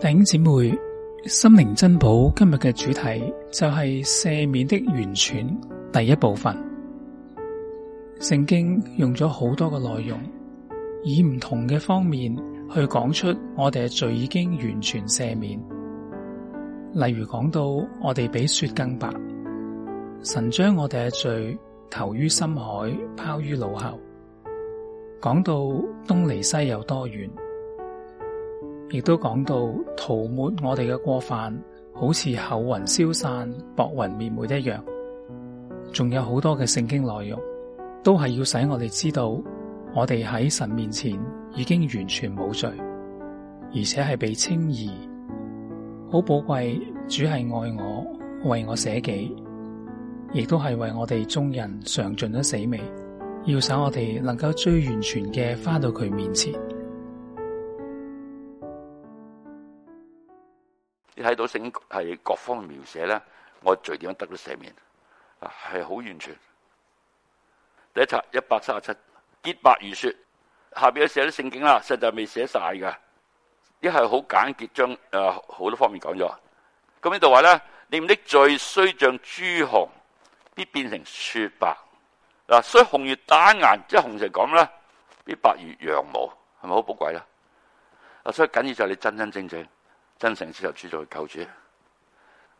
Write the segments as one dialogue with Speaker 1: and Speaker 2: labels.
Speaker 1: 弟兄姊妹，心靈珍寶今日嘅主題就係赦免的完全第一部分。聖經用咗好多嘅內容，以唔同嘅方面去講出我哋嘅罪已經完全赦免。例如講到我哋比雪更白，神將我哋嘅罪投於深海，拋於腦後。講到東離西有多遠。亦都講到塗抹我哋嘅過犯，好似厚雲消散、薄雲滅沒一樣。仲有好多嘅聖經內容，都係要使我哋知道，我哋喺神面前已經完全冇罪，而且係被稱義，好寶貴。主係愛我，為我捨己，亦都係為我哋眾人嘗盡咗死味，要使我哋能夠最完全嘅返到佢面前。
Speaker 2: 睇到聖經係各方描寫咧，我罪點樣得到赦免啊？係好完全。第一冊一百三十七，潔白如雪。下邊有寫啲聖經啦，實在未寫晒噶。一係好簡潔，將誒好、呃、多方面講咗。咁呢度話咧，你唔搦罪雖像硃紅，必變成雪白。嗱，雖紅如丹顏即係紅石講啦，必白如羊毛，係咪好寶貴咧？啊，所以緊要就係你真真正正。真誠接受主做嘅救主，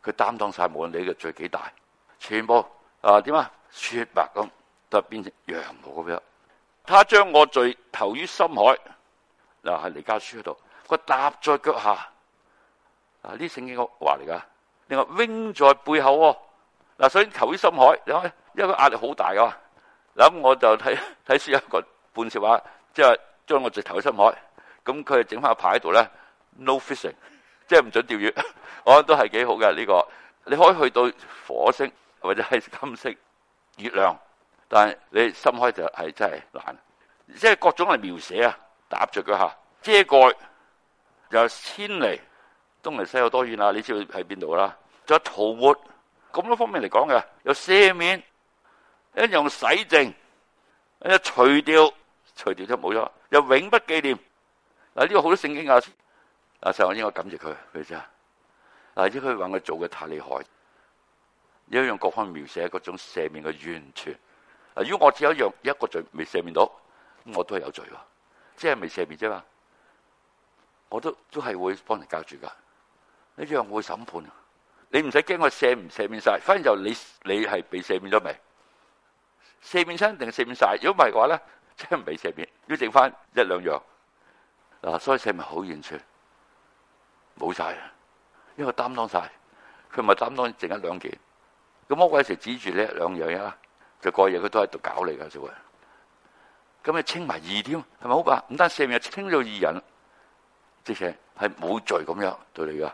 Speaker 2: 佢擔當晒無論你嘅罪幾大，全部啊點啊雪白咁，都係變成羊毛咁樣。他將我罪投於深海嗱，喺彌迦書嗰度，佢踏在腳下啊！呢聖經話嚟㗎，另外扔在背後嗱，所以投於深海，你睇因為個壓力好大噶。嗱咁我就睇睇書一個半說話即係將我罪投於深海，咁佢整翻個牌喺度咧，no fishing。即係唔准釣魚，我諗都係幾好嘅呢個。你可以去到火星或者係金星、月亮，但係你心開就係真係難。即係各種嚟描寫啊，踏着佢吓遮蓋，又千里東離西有多遠啊？你知道喺邊度啦？仲有塗抹咁多方面嚟講嘅，有赦免，一樣洗淨，又除掉，除掉咗冇咗，又永不記念。嗱、這、呢個好多聖經啊！阿神，我應該感謝佢，你知啊？嗱，只佢話我做嘅太厲害，而家用各方描寫嗰種赦免嘅完全。如果我只有一樣一個罪未赦免到，我都係有罪，即係未赦免啫嘛。我都都係會幫人隔住噶。一樣會審判？你唔使驚我赦唔赦免晒，反正就你你係被赦免咗未？赦免生定係赦免晒？如果唔係嘅話咧，即係未赦免。要剩翻一兩樣嗱，所以赦免好完全。冇曬，因為擔當晒，佢唔係擔當剩一兩件，咁魔鬼成日指住呢一兩樣啊，就個嘢佢都喺度搞你噶，就話，咁你清埋二添，係咪好啊？唔單四人，清咗二人，即係係冇罪咁樣對你噶。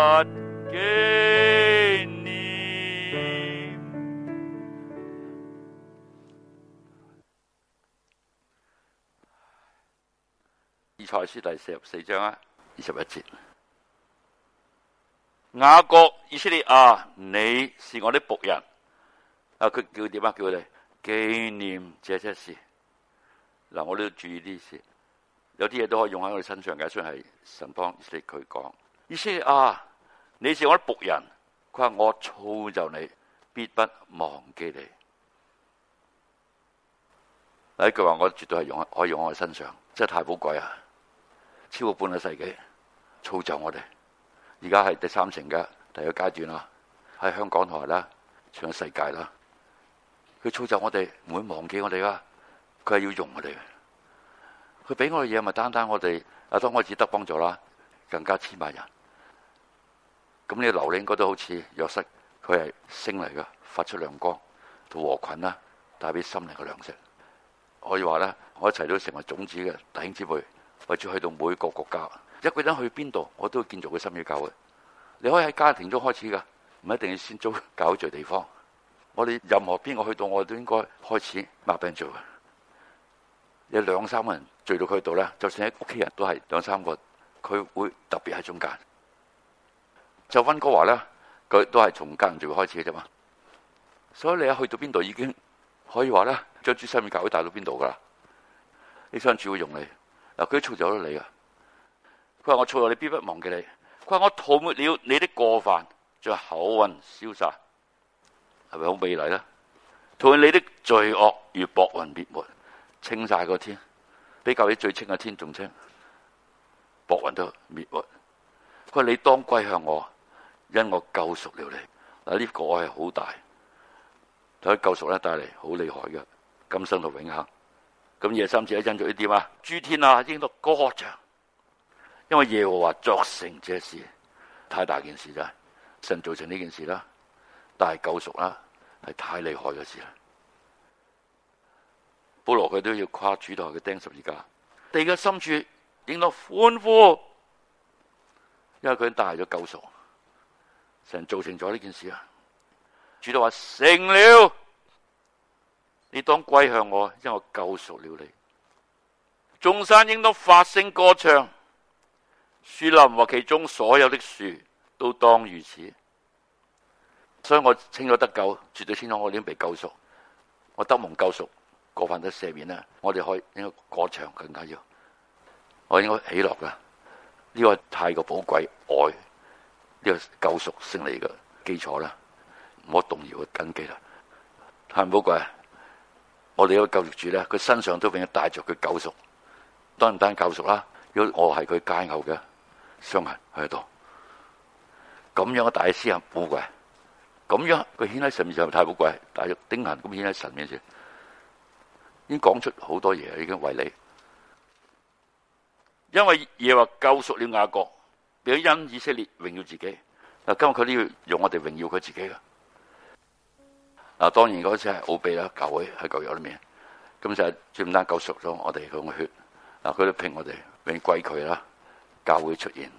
Speaker 2: 《賽書》第四十四章啊，二十一節，雅各，以色列啊，你是我的僕人啊，佢叫點啊？叫你紀念這些事。嗱，我都要注意啲事，有啲嘢，都可以用喺我哋身上嘅。雖然係神幫以色列佢講，以色列啊，你是我的僕人，佢話我造就你，必不忘記你。第一句話，我絕對係用可以用喺我哋身上，真係太寶貴啊！超過半個世紀，造就我哋，而家係第三成嘅第二階段啦，喺香港台啦，全世界啦，佢造就我哋，唔會忘記我哋噶，佢係要用我哋，佢俾我嘅嘢咪單單我哋，啊當我哋得幫助啦，更加千萬人，咁你留樓咧應該都好似約瑟，佢係星嚟嘅，發出亮光，同禾捆啦，帶俾心靈嘅糧食，可以話咧，我一齊都成為種子嘅弟兄姊妹。或者去到每個國家，一個人去邊度，我都會建造佢新嘅教會。你可以喺家庭中開始噶，唔一定要先租聚會地方。我哋任何邊個去到，我都應該開始抹 a r k 做。有兩三個人聚到佢度咧，就算喺屋企人都係兩三個，佢會特別喺中間。就温哥華咧，佢都係從家庭聚會開始啫嘛。所以你一去到邊度，已經可以話咧，將啲新嘅教會帶到邊度噶啦。你相主要用你。佢錯就咗你啊！佢話我錯咗，你必不忘記你。佢話我塗抹了你的過犯，將口雲消失，係咪好美麗咧？塗抹你的罪惡如薄雲滅沒，清晒個天，比舊年最清嘅天仲清。薄雲都滅沒。佢話你當歸向我，因我救贖了你。嗱、這、呢個愛係好大，睇救贖咧帶嚟好厲害嘅今生到永恆。咁夜深時一陣仲要點啊？諸天啊，應當歌唱，因為耶和華作成這事，太大件事，真係神造成呢件事啦，但係救贖啦，係太厲害嘅事啦。保羅佢都要跨主道嘅釘十字架，地嘅深處應當歡呼，因為佢帶咗救贖，神造成咗呢件事啊！主道話成了。你當歸向我，因為我救贖了你。眾山應當發聲歌唱，樹林和其中所有的樹都當如此。所以我清楚得救，絕對清楚我已經被救贖。我得蒙救贖，過犯得赦免啦。我哋可以應該歌唱更加要，我應該喜樂噶。呢、這個太過寶貴，愛呢、這個救贖勝利嘅基礎啦，唔好動搖嘅根基啦，太寶貴。我哋嘅救贖主咧，佢身上都永遠帶着佢救贖，當然帶救贖啦？如果我係佢介偶嘅傷痕喺度，咁樣嘅大師啊，寶貴！咁樣佢顯喺神面上太寶貴，大玉釘痕咁顯喺神面前，已經講出好多嘢，已經違理。因為耶和華救贖了雅各，並要因以色列榮耀自己，啊！今日佢都要用我哋榮耀佢自己嘅。嗱，當然嗰次係奧秘啦，教會喺舊約裏面，咁就專登救贖咗，我哋佢嘅血，嗱佢都拼我哋，永歸佢啦，教會出現，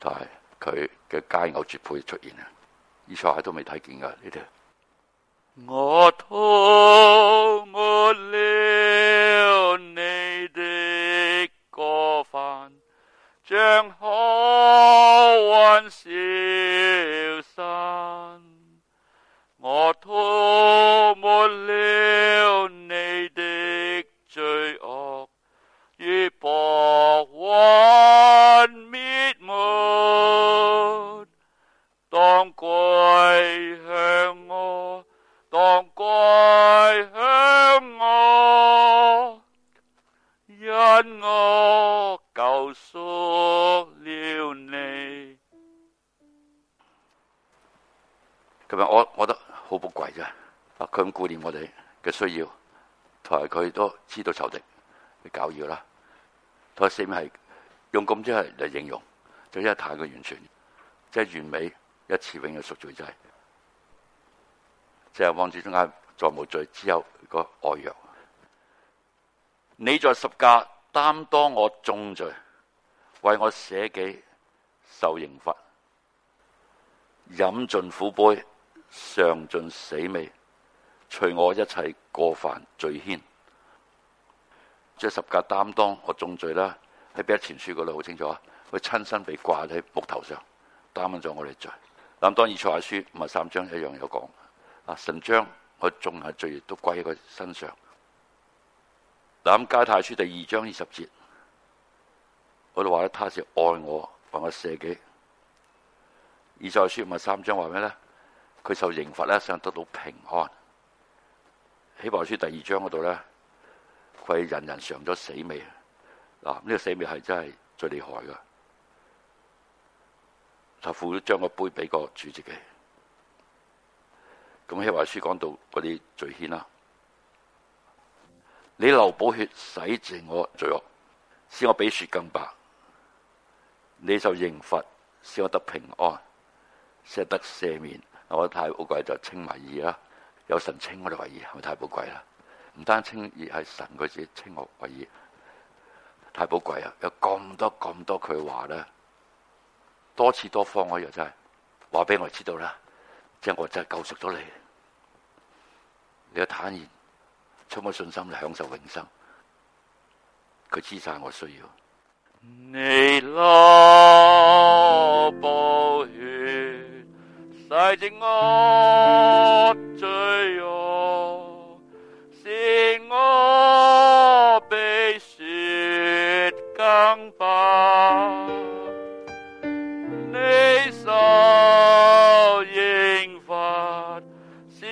Speaker 2: 就係佢嘅佳偶絕配出現啊！呢場都未睇見㗎呢啲。
Speaker 3: 我塗抹了你的過犯，
Speaker 2: 顧念我哋嘅需要，同埋佢都知道仇敵去攪擾啦。同埋四面係用咁即係嚟形容，就因為太過完全，即、就、係、是、完美一次永遠贖罪祭，即係望住中間再無罪，只有個外藥。你在十架擔當我眾罪，為我捨己受刑罰，飲盡苦杯，嚐盡死味。隨我一切過犯罪愆，即係十架擔當我眾罪啦。喺彼前書嗰度好清楚、啊，佢親身被掛喺木頭上，擔咗我哋罪。咁當以賽書五三章一樣有講，啊神將我仲係罪都歸喺佢身上。咁加太書第二章二十節，我哋話咧他是愛我，為我捨己。以賽書五三章話咩咧？佢受刑罰咧，想得到平安。《希伯來書》第二章嗰度咧，係人人嘗咗死味啊！呢、呢個死味係真係最厲害噶。就付咗將個杯俾個主席嘅，咁《希伯來書》講到嗰啲罪愆啦。你流寶血，洗淨我罪惡，使我比雪更白。你受刑罰，使我得平安，且得赦免。我太無計就稱為義啦。有神稱我哋為義，係咪太寶貴啦？唔單稱，而係神佢自己稱我為義，太寶貴啊！有咁多咁多佢話咧，多次多方嗰樣真係話俾我知道啦，即係我真係救贖咗你，你坦然充滿信心嚟，享受永生，佢知晒我需要。
Speaker 3: 你流寶血，洗淨我。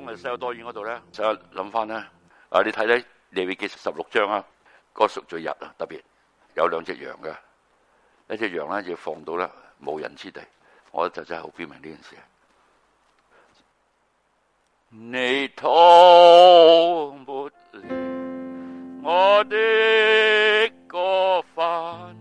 Speaker 2: 東離西有多遠嗰度咧？就諗翻咧啊！你睇睇利未記十六章啊，個贖罪日啊，特別有兩隻羊嘅，一隻羊咧要放到咧無人之地，我就真係好表明呢件事啊！你塗抹了我
Speaker 3: 的個過犯。